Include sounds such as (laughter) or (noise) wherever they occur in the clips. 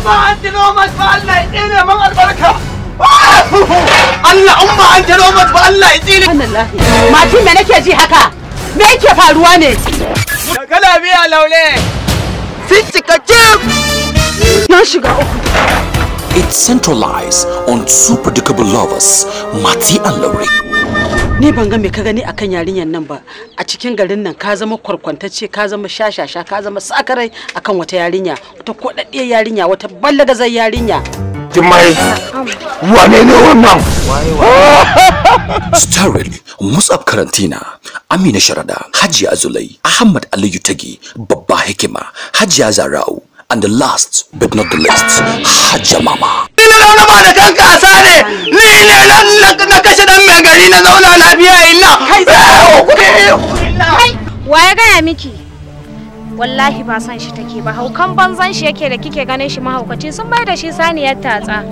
umma an ba Allah man albarka Allah umma an tilo mas ba Allah ya tsine mati me nake ji haka me yake faruwa ne kala biya laule sun na shiga uku it centralized on two predictable lovers, Mati and Laurie. ni ban ga mai ka gani akan yarinyar nan ba a cikin garin nan ka zama kwarkwantacce ka zama shashasha ka zama sakarai akan wata yarinya wata kodaddiyar yarinya wata ballagazar yarinya jimai wane ne wannan (laughs) starring musab karantina amina sharada hajiya azulai ahmad aliyu tagi babba hikima hajiya zara'u and the last but not the least hajja mama ni ne na ba da kanka ne ni ne na gari na zauna lafiya illa eh, eh, eh, waye gaya miki wallahi ba san shi take ba haukan banzan shi yake da kike ganin shi mahaukaci sun bai da shi saniyar tatsa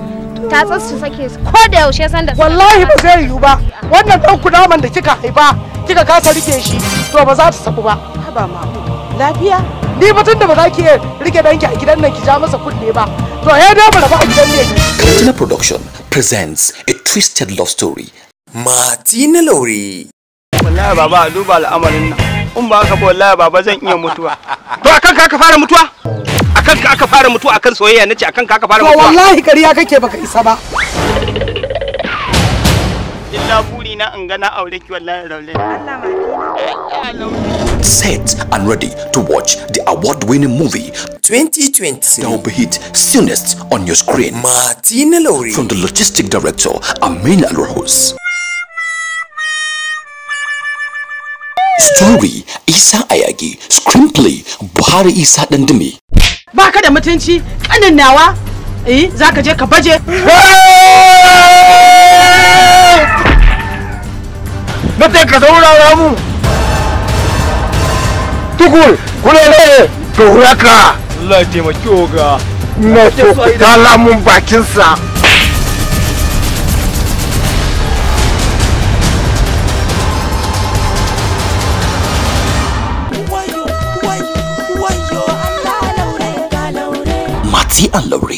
Tatsa su sake ko da yaushe san da wallahi ba zai yiwu ba wannan dan kudaman da kika haifa kika kasa rike shi to ba za ta saku ba haba ma lafiya ni ba tunda ba za ki rike danki a gidan nan ki ja masa kunne ba to ya da ba a gidan ne Production presents a twisted love story Mati na lauri. Wallahi baba a duba al'amarin nan. In ba haka ba wallahi baba zan iya mutuwa. To akan ka aka fara mutuwa? Akan ka aka fara mutuwa akan soyayya nace akan ka aka fara mutuwa. To wallahi ƙarya kake baka isa ba. Illa buri na in gana aure ki wallahi laure. Allah ma. Set and ready to watch the award-winning movie 2020 that will be hit soonest on your screen. Martina Lowry from the logistic director Amin Al-Rahus. Story Isa Ayagi Screenplay Buhari Isa Dandumi Baka da mutunci kanin nawa eh zaka je ka baje Mate ka saurara ramu Tukul kule ne to huraka Allah ya taimake ga na so ka lamun bakin sa sai an laure.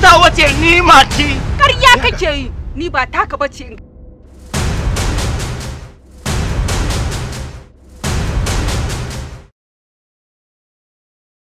ta wace ni mati. Karya kake yi, ni ba taka bace.